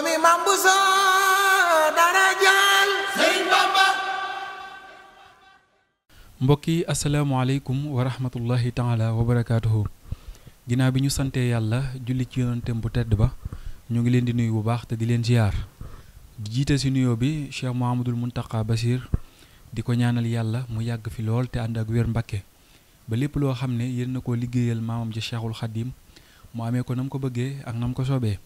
doomi Mame Bousso dara jaal sëñ Bamba mbokk yi asalaamaaleykum wa rahmatullahi taala wa barakaatuhu bi ñu santee yàlla julli ci yonentem bu tedd ba ñu ngi leen di nuyu bu baax te di leen ziar di jiite ci nuyoo bi Cheikh Mouhamadul Mountakha Bachir di ko ñaanal yàlla mu yàgg fi lool te ànd ak wér Mbàkke ba lépp loo xam ne yéen na koo liggéeyal maamam ji Cheikhul Xadim mu amee ko nam ko bëggee ak na mu ko soobee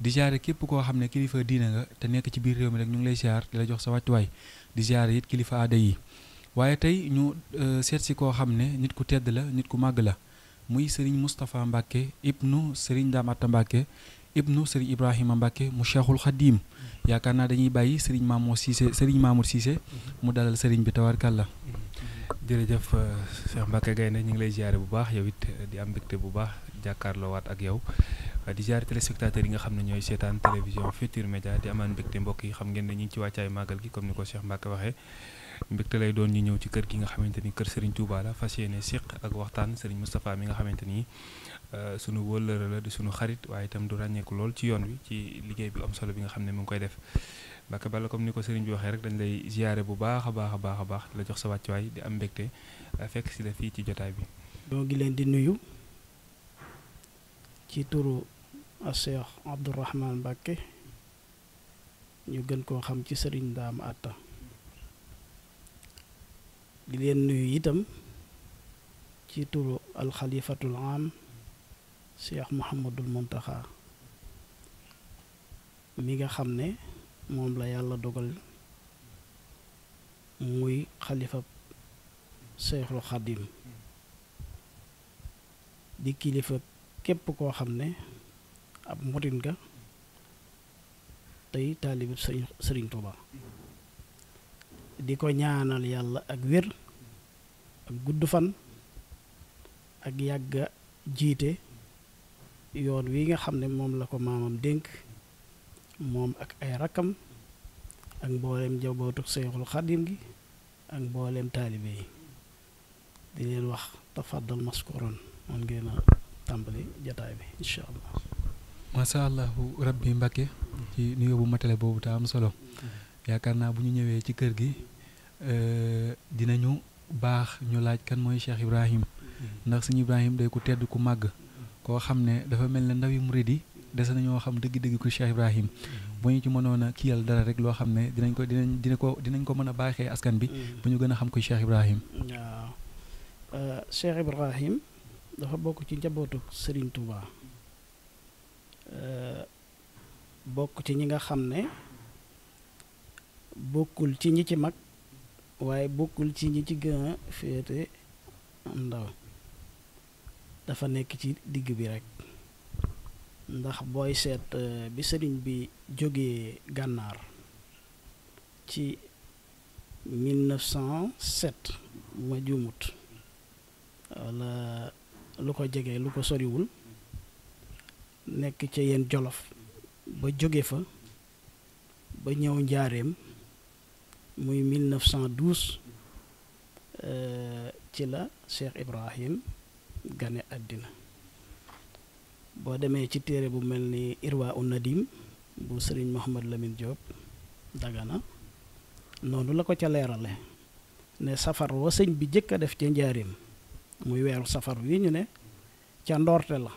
di ziare képp koo xam ne kilifa diina nga te nekk ci biir réew mi rek ñu ngi lay ziar di la jox sa wàccuwaay di ziare it kilifa aada yi waaye tey ñu euh, seet si koo xam ne nit ku tedd la nit ku màgg la muy Serigne Moustapha Mbacke ibnu Serigne Damata Mbacke ibnu Serigne Ibrahima Mbacke mu Cheikhul Khadim yaakaar naa dañuy bàyyi Serigne Mamour Cissé Serigne Mamour Cissé mu dalal Serigne bi tawarkalla. jërëjëf euh, Cheikh Mbacke Gaynde ñu ngi lay ziare bu baax yow it euh, di am mbégte bu baax jàkkaarloowaat ak yow. di lay doon ñu ñëw ci kër gi nga xamante ni kër Serigne Touba la fas yéene siq ak waxtaan Serigne Moustapha mi nga xamante ni euh, sunu wëllëre la di sunu xarit waaye itam du ràññeeku lool ci yoon wi ci liggéey bi am solo bi nga xam ne mu ngi koy def Mbacke Balla comme ni ko Serigne bi waxee rek dañ lay ziare bu baax a baax a baax a baax la jox sa wàccuwaay di am mbégte euh, fekk si la fii ci jotaay bi. ñoo ngi leen di nuyu ci turu a cheikh abdourahman mbàkke ñu gën koo xam ci sëriñ daam àtta di leen nuyu itam ci turu alxalifatul am cheikh mohamadul muntaxa mi nga xam ne moom la yàlla dogal muy xalifa cheikhul xadim di kilifa képp koo xam ne ab murit ga tey taalibi sëriñ sëriñ Tuuba di ko ñaanal yàlla ak wér ak gudd fan ak yàgga jiite yoon wi nga xam ne moom la ko maamam dénk moom ak ay rakkam ak mbooleem jabootu Seexul Xadim gi ak mbooleem taalibe yi di leen wax tafaddal maskuran mën ngeen tàmbali jataay bi incha allah macha allah rabbi Mbacke ci nuyoo bu matale boobu te am solo yaakaar naa bu ñu ñëwee ci kër gi euh, dinañu baax ñu laaj kan mooy Cheikh Ibrahim ndax suñu Ibrahim day ku tedd ku màgg koo xam ne dafa mel ne ndaw yi murid yi des nañoo xam dëgg-dëgg ku Cheikh Ibrahim bu ñu ci mënoon a kiyal dara rek loo xam ne dinañ ko dinañ dina ko dinañ ko mën baaxee askan bi bu ñu gën a xam ku Cheikh Ibrahim. waaw euh, Cheikh Ibrahim dafa bokk ci njabootu Serigne Touba. Euh, bokk ci ñi nga xam ne bokkul ci ñi ci mag waaye bokkul ci ñi ci gën a féete ndaw dafa nekk ci digg bi rek ndax booy seet euh, bi sëriñ bi jógee gànnaar ci 1907 ma juumut wala lu ko jege lu ko soriwul nekk ca yenn jolof ba jóge fa ba ñëw njaareem muy 1912 euh, ci la Cheikh Ibrahim gane àddina boo demee ci téere bu mel ni Irwa un Nadim bu sëriñ Mohamad Lamine Diop Dagana noonu la ko ca leerale ne safar wa bi jëkk a def ca njaareem muy weeru safar wi ñu ne ca ndoorte la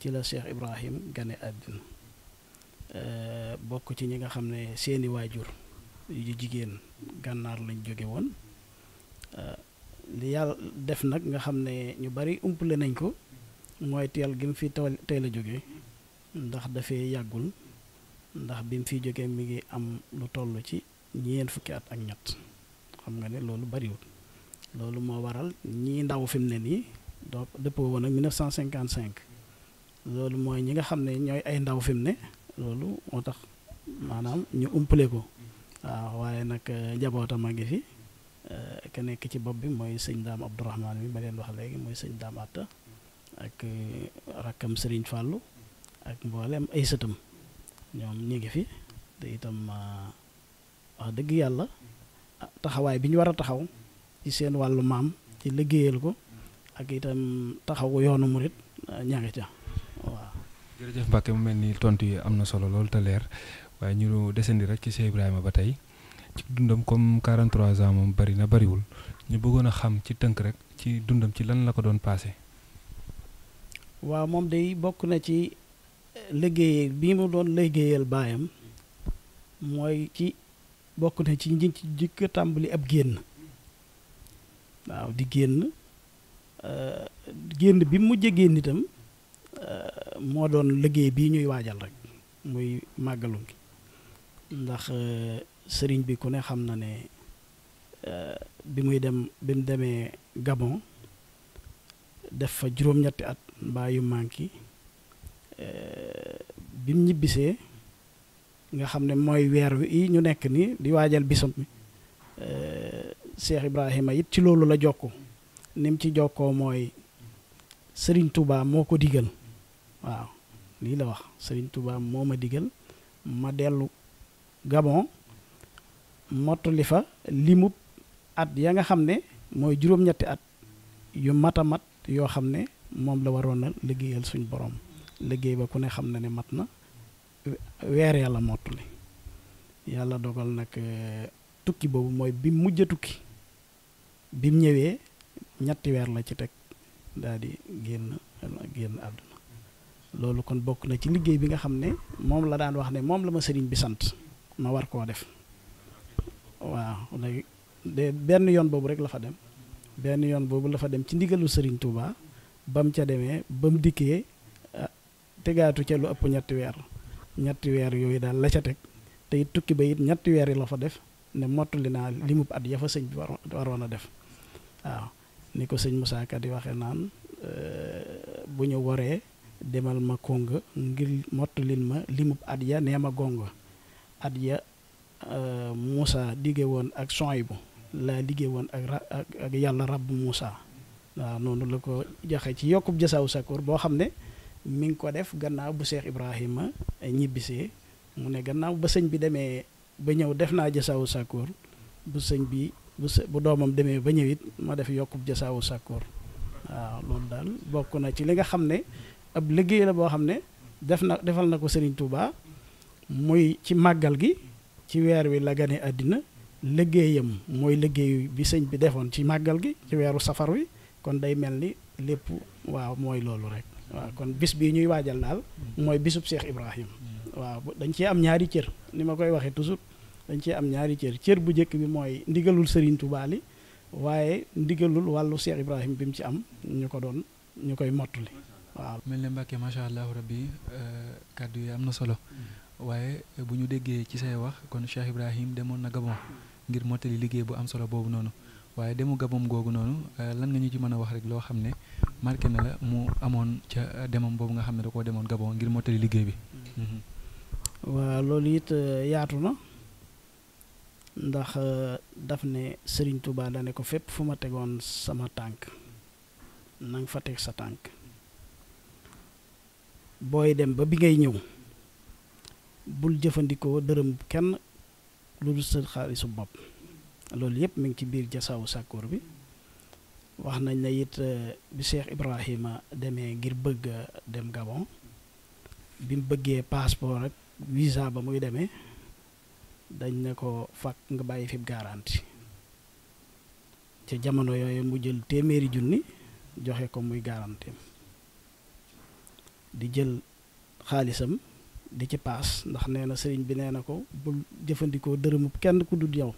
ci la Cheikh Ibrahim gane àddina eh, bokk ci ñi nga xam ne seeni waajur yu jigéen gànnaar lañ jóge woon eh, li yàlla def nag nga xam ne ñu bari umpale nañ ko mooy teel gi mu fi tey la jóge ndax dafee yàggul ndax bi mu fi jógee mi ngi am lu toll ci ñeent fukki at ak ñett xam nga ne loolu bariwul loolu moo waral ñii ndaw fi mu ne nii donc dëppoo woon ak 1955 loolu mooy ñi nga xam ne ñooy ay ndaw fi ne loolu moo tax maanaam ñu umpale ko waaw waaye nag euh, jabootam a ngi fi euh, ka nekk ci bopp bi mooy sëñ daam Abdourahman bi ma leen wax léegi mooy sëñ daam Atta ak euh, rakkam sëriñ fàllu ak mboolem ay sëtam ñoom ñu ngi fi te itam wax dëgg yàlla ah, taxawaay bi ñu war a taxaw ci seen wàllu maam ci liggéeyal ko ak itam taxaw yoonu murit ña ca. jërëjëf Mbacke mu mel ni tontu yi am na solo loolu te leer waaye ñu desandi rek ci Cheikh Ibrahima ba tey ci dundam comme 43 ans moom bari na bariwul ñu bëggoon a xam ci tënk rek ci dundam ci lan la ko doon paase. waaw moom day bokk na ci eh, liggéey bi mu doon liggéeyal baayam mooy ci bokk na ci ñi ci jëkk tàmbali ab génn waaw di génn eh, génn bi mu mujj génn itam. Eh, moo doon liggéey bii ñuy waajal rek muy màggalu gi ndax euh, sëriñ bi ku ne xam na ne euh, bi muy dem bi mu demee Gabon def fa juróom-ñetti at mbaa yu manki euh, bi mu ñibbisee nga xam ne mooy weer wi ñu nekk ni di waajal bisam mi Cheikh Ibrahima it ci loolu la jokku ni ci jokkoo mooy Sëriñ Touba moo ko digal waaw lii la wax sëriñ tubaab moo ma digal ma dellu Gabon mottuli fa limub at ya nga xam ne mooy juróom-ñetti at yu mat a mat yoo xam ne moom la waroon a liggéeyal suñu boroom liggéey ba ku ne xam na ne mat na weer yàlla mottali yàlla dogal nag eh, tukki boobu mooy bi mujj a tukki bi mu ñëwee ñetti weer la ci teg daal di génn génn àdduna loolu kon bokk na ci liggéey bi nga xam ne moom la daan wax ne moom la ma sëriñ bi sant ma war koo def waaw de benn yoon boobu rek la fa dem benn yoon boobu la fa dem ci ndigalu sëriñ Touba ba mu ca demee bam mu dikkee ah, tegaatu ca lu ëpp ñetti weer ñetti weer yooyu daal la ca teg tey tukki ba it ñetti weer yi la fa def ne mottali naa limu mu at ya fa sëñ bi waroon a def waaw ni ko sëñ Moussa di waxee naan euh, bu ñu waree demal ma konga ngir mottalil ma limub at ya nee ma gonga at euh, ya Moussa liggéey woon ak Soyibu laa liggéey woon ak ra ak yàlla rabbu Moussa waaw noonu la ko joxe ci yokkub jasaaw sakoor boo xam ne mi ngi ko def gannaaw bu Cheikh Ibrahima ñibbisee mu ne gannaaw ba sëñ bi demee ba ñëw def naa jasaawu sakoor bu sëñ bi bu bu doomam demee ba ñëwit ma def yokkub jasaawu sakoor waaw loolu daal bokk na ci li nga xam ne ab liggéey la boo xam ne def na defal na ko sëriñ Touba muy ci màggal gi ci weer wi la gane àddina liggéeyam mooy liggéey bi sëñ bi defoon ci màggal gi ci weeru safar wi kon day mel ni lépp waaw mooy loolu rek waaw kon bis bii ñuy waajal daal mooy bisub seex Ibrahim waaw dañ cee am ñaari cër ni ma koy waxee toujours dañ cee am ñaari cër cër bu njëkk bi mooy ndigalul Serigne Touba li waaye ndigalul wàllu Cheikh Ibrahim bi mu ci am ñu ko doon ñu koy mottali waaw mel ne Mbacke macha allah rabbi eh, kàddu yi am na solo mm. waaye bu ñu déggee ci say wax kon Cheikh Ibrahim demoon na Gabon ngir mottali liggéey bu am solo boobu noonu waaye demu Gabon googu noonu eh, lan nga ñu ci mën a wax rek loo xam ne marqué na la mu amoon ca demoom boobu nga xam ne da koo demoon Gabon ngir mottali liggéey bi. Mm-hmm. waaw loolu it eh, yaatu na ndax daf ne Serigne Touba dane ko fépp fu ma tegoon sama tànk na nga fa teg sa tànk. booy dem ba bi ngay ñëw bul jëfandikoo dërëm kenn lu dul sa xaalisu bopp loolu yëpp mi ngi ci biir jasaawu sàkkoor bi wax nañ ne it euh, bi Cheikh Ibrahima demee ngir bëgg dem Gabon bi mu bëggee passeport ak visa ba muy demee dañ ne ko fàkk nga bàyyi fi garanti ca jamono yooyu mu jël téeméeri junni joxe ko muy garanti di jël xaalisam di ci paas ndax nee na sëriñ bi nee na ko bul jëfandikoo dërëmub kenn ku du yow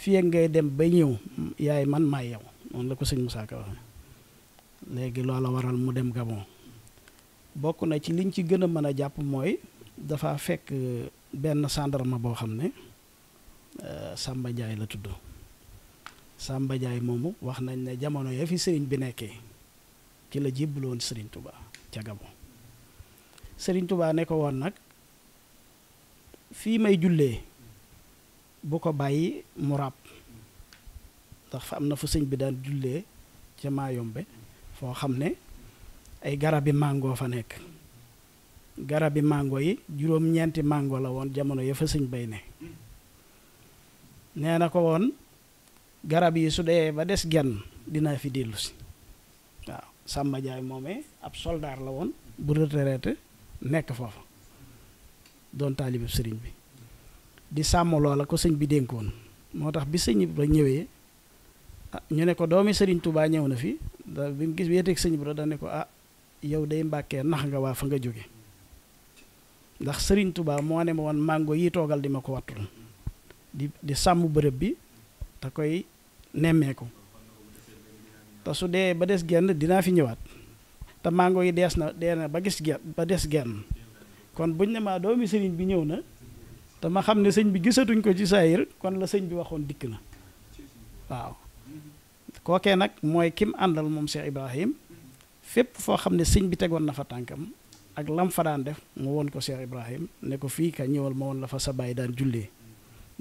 fii ngay dem ba ñëw yaay man maay yow noonu la ko sëñ mu Ka waxee léegi loola waral mu dem Gabon bokk na ci liñ ci gën a mën a jàpp mooy dafa fekk euh, benn gendarme boo xam ne euh, Samba Ndiaye la tudd Samba Ndiaye moomu wax nañ ne jamono ya fi sëriñ bi nekkee ki la jébbaloon sëriñ tubaa ca Gabon sëriñ tubaa ne ko woon nag fii may jullee bu ko bàyyi mu ràpp ndax fa am na fa sëñ bi daan jullee ca maayombe foo xam ne ay garabi màngoo fa nekk garabi màngo yi juróom-ñeenti màngo la woon jamono ya fa sëñ bay ne nee na ko woon garab yi su dee ba des genn dinaa fi dellu si waaw Samba Jaay moomee ab soldaar la woon bu retraité nekk foofu doon taalibu sëriñ bi di sàmm loola ko sëñ bi dénkoon moo tax bi sëñ bi ñëwee ah ñu ne ko doomi sëriñ tubaa ñëw na fi da bi mu gis weeteeg sëñ bi da ne ko ah yow day mbàkkee nax nga waa fa nga jóge ndax sëriñ Touba moo ne ma woon màngo yi toogal di ma ko wattul di di sàmm bërëb bi te koy nemmeeku te su dee ba des genn dinaa fi ñëwaat te mango yi dees na dee na ba gis genn ba des genn kon buñ ne maa doomi sëriñ bi ñëw na dama xam ne sëñ bi gisatuñ ko ci saayir kon la sëñ bi waxoon dikk na waaw kookee nag mooy kim àndal moom Cheikh Ibrahim fépp foo xam ne sëñ bi tegoon na fa tànkam ak lam fa daan def mu won ko Cheikh Ibrahim ne ko fii ka ñëwal ma woon la fa sa baay daan julle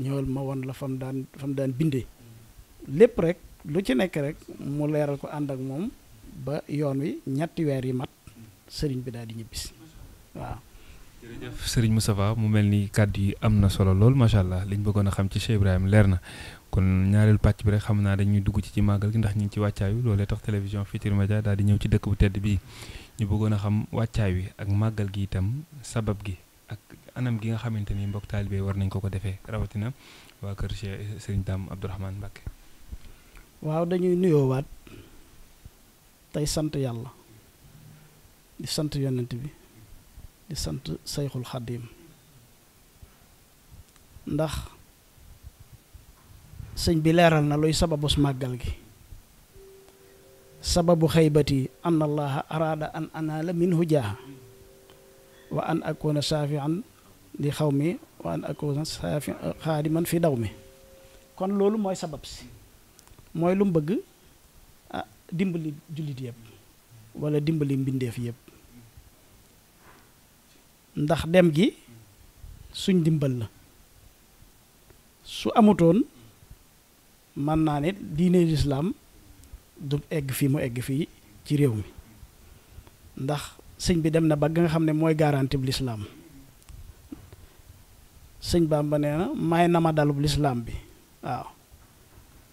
ñëwal ma won la fam daan fam daan bindee lépp rek lu ci nekk rek mu leeral ko ànd ak moom ba yoon wi ñetti weer yi mat sëriñ bi daal di ñibbisi waaw. jërëjëf sëriñ Moustapha mu mel ni kàddu yi am na solo lool macha allah liñ bëggoon a xam ci Cheikh Ibrahima leer na kon ñaareelu pàcc bi rek xam naa dañuy dugg ci ci màggal gi ndax ñu ngi ci wàccaayu loolee tax télévision Futurs Médias daal di ñëw ci dëkk bu tedd bii ñu bëggoon a xam wàccaay wi ak màggal gi itam sabab gi ak anam gi nga xamante ni mbokk taalibe war nañ ko ko defee rawatina waa kër Cheikh sëriñ Dame Abdourahmane Mbacke. waaw dañuy nuyoowaat tey sant yàlla di sant yonent bi di sant sayxul xaddiim ndax sëñ bi leeral na luy sababus màggal gi sababu xëybati an allaha araada an anaala minhu jaaha wa an akuna saafian li xaw mi wa an akuna saafi xaadiman fi daw mi kon loolu mooy sabab si mooy lu mu bëgg dimbali jullit yépp walla dimbali mbindeef yépp ndax dem gi suñ dimbal la su amutoon mën naa ne diine lislaam du egg fii mu egg fii ci réew mi ndax sëñ bi dem na ba nga xam ne mooy garanti bu lislaam sëñ Bamba nee na may na ma dalub lislaam bi waaw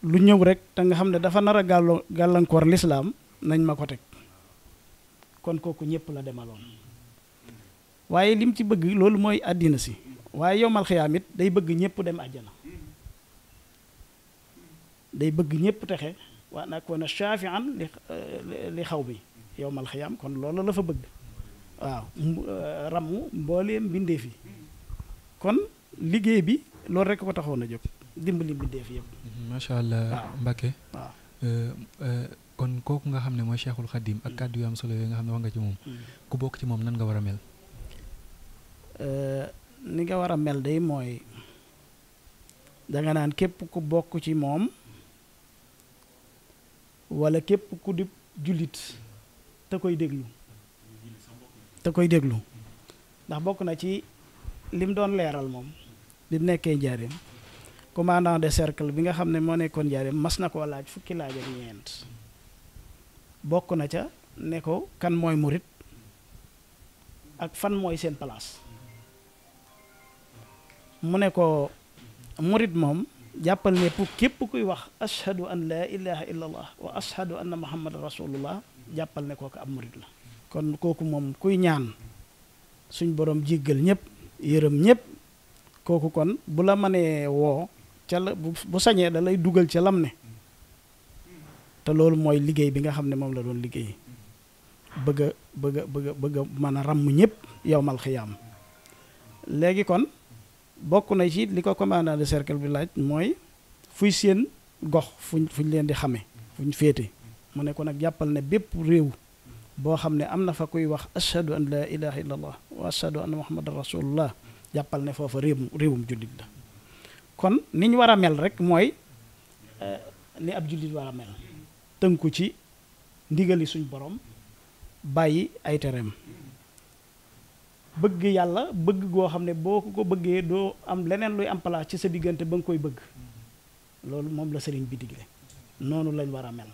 lu ñëw rek te nga xam ne dafa nar a gàllo gàllankoor lislaam nañ ma ko teg kon kooku ñëpp la demaloon waaye lim ci bëgg loolu mooy àddina si waaye yowmal xiyaam it day bëgg ñëpp dem àjjana day bëgg ñëpp texe waa naa ko na shaafian li li xaw bi yowmal xiyaam kon loolu la fa bëgg waaw euh, ramu mbooleem mbindeef yi kon liggéey bi loolu rek ko taxoon a jóg dimbali mbindeef yëpp. Mhm, macha allah Mbacke. Euh, euh, kon kooku nga xam ne mooy Cheikhul Khadim ak mm. kàddu yu am solo yooyu nga xam ne wax nga ci moom. Mm. ku bokk ci moom nan nga war a euh, ni nga war a mel day mooy danga naan képp ku bokk ci moom wala képp ku di jullit te koy déglu. te koy déglu ndax bokk na ci lim doon leeral moom. bi mu nekkee njaareem. commandant de cercle bi nga xam ne moo nekkoon jaaree mas na koo laaj fukki laaj ak ñeent bokk na ca ne ko kan mooy murit ak fan mooy seen place mu ne ko murit moom jàppal ne pour képp kuy wax ashhadu an laa ilaha illa allah wa ashhadu anna muhammadan rasulullah jàppal ne kooku ab murit la kon kooku moom kuy ñaan suñ boroom jéggal ñépp yërëm ñëpp kooku kon bu la mënee woo ca la bu sañee da dugal ca lam ne te loolu mooy liggéey bi nga xam ne moom la doon liggéey bëgg a bëgg a bëgg a ràmm ñëpp yow xiyaam léegi kon bokk na ci li ko commandant de cercle bi laaj mooy fuy séen gox fuñ fuñ leen di xamee fuñ féete mu ne ko nag jàppal ne bépp réew boo xam ne am na fa kuy wax ashhadu an la ilaha illallah wa ashhadu anna muhammadan rasulullah jàppal ne foofa réewum réewum jullit la kon ni ñu war a mel rek mooy eh, ni ab jullit war a mel tënku ci ndigali suñ boroom bàyyi ay tereem bëgg yàlla bëgg goo xam ne boo ko bëggee doo am leneen luy am place ci sa diggante ba nga koy bëgg loolu moom la sëriñ bi digle noonu lañ war a mel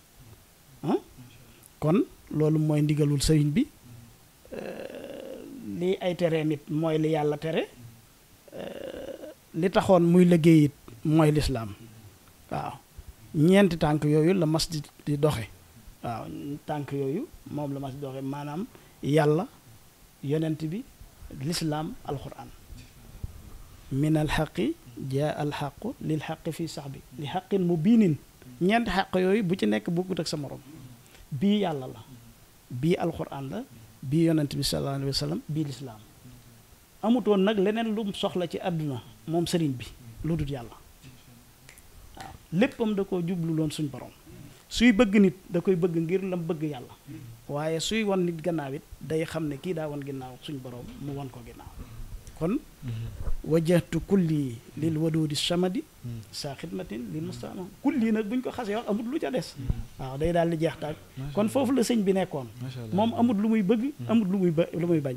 kon loolu mooy ndigalul sëriñ bi eh, li ay tereem mooy li yàlla tere eh, li taxoon muy liggéey mooy lislaam waaw ñeenti tànk yooyu la mas di doxe waaw tànk yooyu moom la mas di doxe maanaam yàlla yonent bi lislaam alquran min alxaqi jaa alxaqu lil xaqi fii sax bi li xaqin mu biinin ñeenti xaq yooyu bu ci nekk bokkut ak sa morom bii yàlla la bii alquran la bii yonent bi sallallahu alayhi wa bii lislaam amutoon nag leneen lum soxla ci àdduna moom sëriñ bi lu dul yàlla waaw léppam da koo jublu loon suñ borom suy bëgg nit da koy bëgg ngir lam bëgg yàlla waaye suy won nit gannaaw it day xam ne kii daa won ginnaaw suñ borom mu won ko ginnaaw kon wajjahtu kulli lil waduudi samadi sa xidmatin lil mustama kulli nag buñ ko xasee wax amut lu ca des waaw day daal di jeex taag kon foofu la sëñ bi nekkoon moom amut lu muy bëgg amut lu muy bañ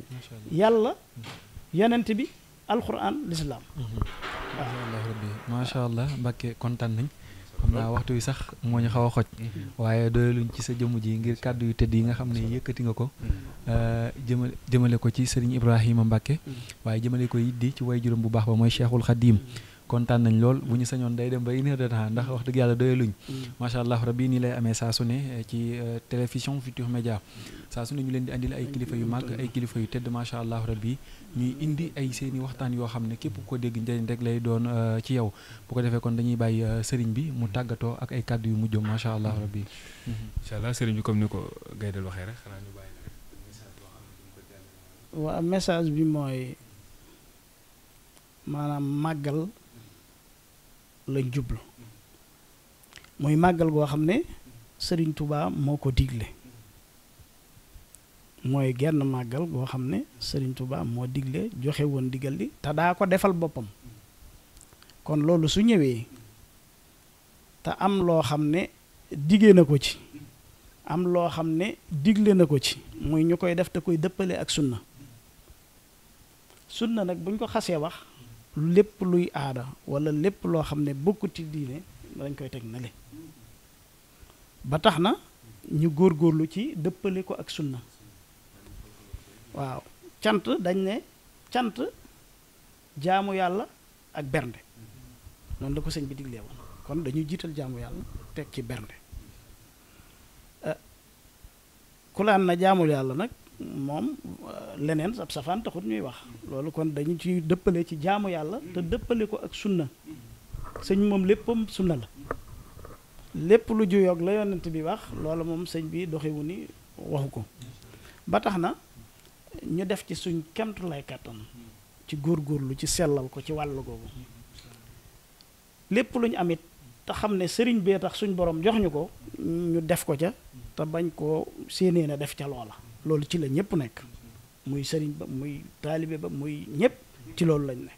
yàlla yonent bi alquran l'islam waaw macha allah Mbacke kontaan nañ xam naa waxtu yu sax moo ñu xaw a xoj waaye doyaluñ ci sa jëmm ji ngir kàddu yu tëdd yi nga xam ne yëkkati nga ko mm. euh, jëma jëmale ko ci sëriñ Ibrahima Mbacke mm. waaye jëmale ko it di ci way juróom bu baax ba mooy Cheikhul Khadim mm. kontaan nañ lool bu ñu sañoon day dem ba une heure de temps ndax wax dëgg yàlla doyaluñ mm. macha allah rabbi nii lay amee saa su ne eh, ci eh, télévision Futurs Médias saa su ñu leen di andil ay kilifa yu màgg ay kilifa yu tedd macha allah rabbi ñuy indi ay seeni waxtaan yoo xam ne képp ko dégg njëriñ rek lay doon eh, ci yow bu ko defee kon dañuy bàyyi sëriñ bi mu tàggatoo ak ay kàddu yu mujj macha allah rabbi mm-hmm. incha allah sëriñ bi comme ni ko gaydal waxee rek xanaa ñu bàyyi waaw message bi mooy maanaam màggal lañ jublu muy màggal goo xam ne sëriñ Touba moo ko digle mooy genn màggal goo xam ne sëriñ Touba moo digle joxe woon digal li te daa ko defal boppam kon loolu su ñëwee te am loo xam ne digee na ko ci am loo xam ne digle na ko ci mooy ñu koy def te koy dëppale ak sunna sunna nag buñ ko xasee wax lépp luy aada walla lépp loo xam ne bokkut ci diine dañ koy teg nale ba tax na ñu góor góorlu ci dëppale ko ak sunna waaw cant dañ ne cant jaamu yàlla ak bernde noon la ko sëñ bi diglee kon dañuy jiital jaamu yàlla teg ci bernde eh, ku na jaamul yàlla nag moom euh, leneen ab taxut ñuy wax loolu kon dañu ci dëppale ci jaamu yàlla te dëppale ko ak sunna sëñ moom léppam sunna la lépp lu juyoog la yonent bi wax loolu moom sëñ bi doxewu ni waxu ko ba tax na ñu def ci suñ kemtu lay kàttan ci góor góorgóorlu ci sellal ko ci wàll googu lépp lu ñu amit te xam ne sëriñ bee tax suñ borom jox ñu ko ñu def ko ca te bañ koo séenee na def ca loola loolu ci la ñëpp nekk muy sëriñ ba muy taalibe ba muy ñëpp ci loolu lañ ne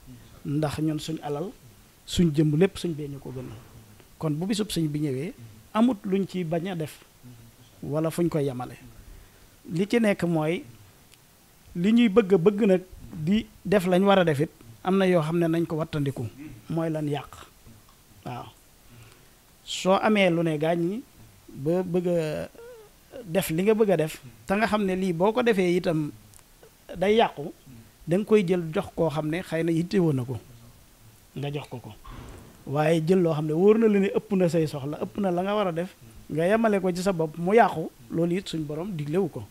ndax ñun suñ alal suñ jëmb lépp suñ bee ñu ko gënal kon bu bisub sëñ bi ñëwee amut luñ ci bañ a def wala fuñ koy yemale li ci nekk mooy li ñuy bëgg a bëgg nag di def lañ war a def am na yoo xam ne nañ ko wattandiku mooy lan yàq waaw soo amee lu ne gaañ ñi ba bëgg def li nga bëgg a def te nga xam ne lii boo ko defee itam day yàqu danga koy jël jox koo xam ne xëy na yittewoo na ko nga jox ko ko waaye jël loo xam ne wóor na la ne ëpp na say soxla ëpp na la nga war a def nga yemale ko ci sa bopp mu yàqu loolu it suñ borom diglewu ko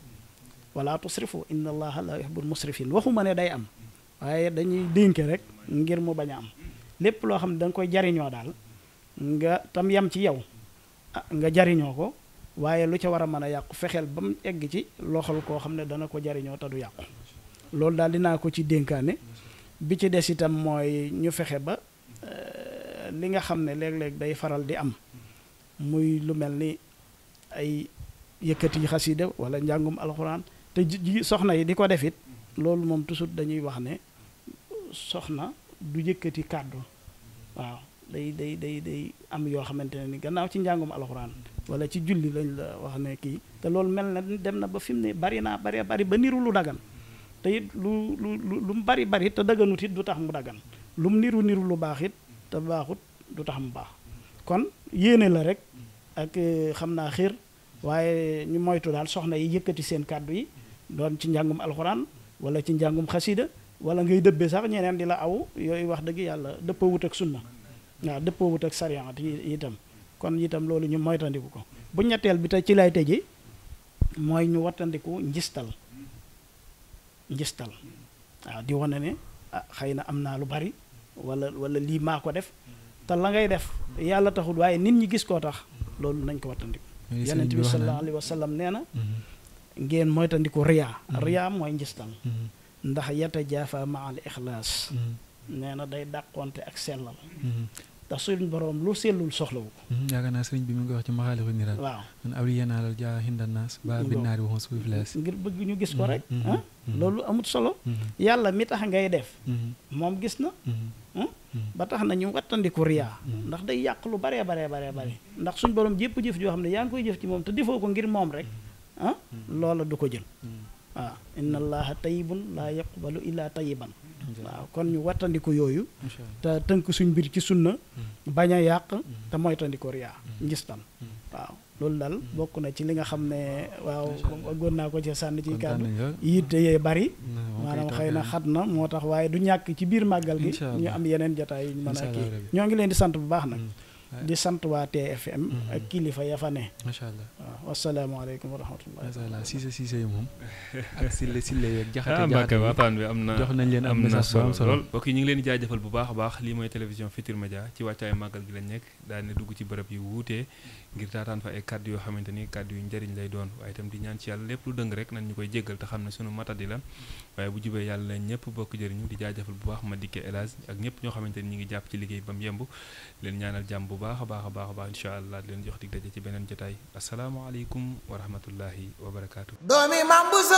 wala tusrifu inna allaha la yuhibbul musrifin waxuma ne day am waaye dañuy dénke rek ngir mu bañ a am lépp loo xam ne da koy jariñoo daal nga tam yam ci yow ah, nga jariñoo ko waaye lu ca war a mën a yàqu fexeel ba mu egg ci loxol koo xam ne dana ko jariñoo te du yàqu loolu daal dinaa ko ci dénkaane bi ci des itam mooy ñu fexe ba euh, li nga xam ne léeg-léeg day faral di am muy lu mel ni ay yëkkati xasida wala njàngum alxuraan te ji soxna yi di ko def it loolu moom toujours dañuy wax ne soxna du yëkkati kàddu waaw day day day day am yoo xamante ne ni gannaaw ci njàngum alxuraan wala ci julli lañu la wax ne kii te loolu mel na dem na ba fi mu ne bari naa bari bari ba niru lu dagan te it lu lu lu mu bari bari te daganut it du tax mu dagan lu mu niru niru lu baax it te baaxut du tax mu baax kon yéene la rek ak eh, xam naa xiir waaye ñu moytu daal soxna yi yëkkati seen kàddu yi doon ci njàngum alxuraan wala ci njàngum xasida wala ngay dëbbee sax ñeneen di la aw yooyu wax dëgg yàlla dëppawut ak waaw dëppoo wut ak sariya itam kon itam loolu ñu moytandiku ko bu ñetteel bi te ci lay tëji mooy ñu wattandiku njistal njistal waaw di wane ne ah xëy na am naa lu bari wala wala lii maa ko def te la ngay def yàlla taxul waaye nit ñi gis koo tax loolu nañ ko wattandiku yonent bi sallallahu alayhi wa nee na mm-hmm. ngeen moytandiku riyaa mm-hmm. riyaa mooy njistal mm-hmm. ndax yata jaafa ma al nee na day dàqonte ak sellal ndax suñu borom lu sellul soxlawu mhm, yaakaar naa sëriñ bi mu ngi wax ci maxaaliku niran waaw man awliyanaalal jaa hindannas ba binnaari waxoon suufi filaas ngir bëgg ñu gis ko mhm, rek mhm, ah? loolu amut solo yàlla mi tax ngay def moom gis na ah? ba tax na ñu wattandiku riyaa ndax day yàq lu baree baree bare bare ndax suñ boroom jépp jëf joo xam ne yaa ngi koy jëf ci moom te defoo ko ngir moom rek ah loola du ko jël waaw inna allaha tayibun laa yaqbalu illa tayiban waaw kon ñu wattandiku yooyu te tënk suñ mbir ci sunna mm-hmm. bañ a yàq mm-hmm. te moytandiku riyaa mm-hmm. ngistal waaw loolu daal bokk na ci li nga xam ne waaw góor naa ko ci sànni ci kàddu yitte yee bari maanaam xëy na xat na moo tax waaye du ñàkk ci biir màggal gi ñu am yeneen jotaay yu ñu mën a kii ñoo ngi leen di sant bu baax nag di sant waa TFM mhm. ak kilifa ya fa ne. macha allah waaw wasalaamaaleykum wa rahmatulah. macha allah Cissé Cissé yi moom ak Sile Sile yeeg jaxate ah, jaxate bi am na jox nañ leen am na solo lool mbokk yi ñu ngi leen di jaajëfal bu baax a baax lii mooy télévision Futurs Médias ci wàccaay màggal gi lañ nekk daal ne dugg ci bërëb yu wuutee ngir taataan fa ay kàddu yoo xamante ni kàddu yu njëriñ lay doon waaye itam di ñaan ci yàlla lépp lu dëng rek nañ ñu koy jéggal te xam ne sunu matadi la waaye bu jibee yàlla ñëpp bokk jëriñu di jaajëfal bu baax ma dikke elage ak ñëpp ñoo xamante ni ñi ngi jàpp ci liggéey ba mu yemb leen ñaanal jàmm bu baax a baax a baax a baax incha allah leen jox dig daje ci beneen jotaay asalaamaaleykum wa rahmatullahi wa barakaatu doomi mam bu so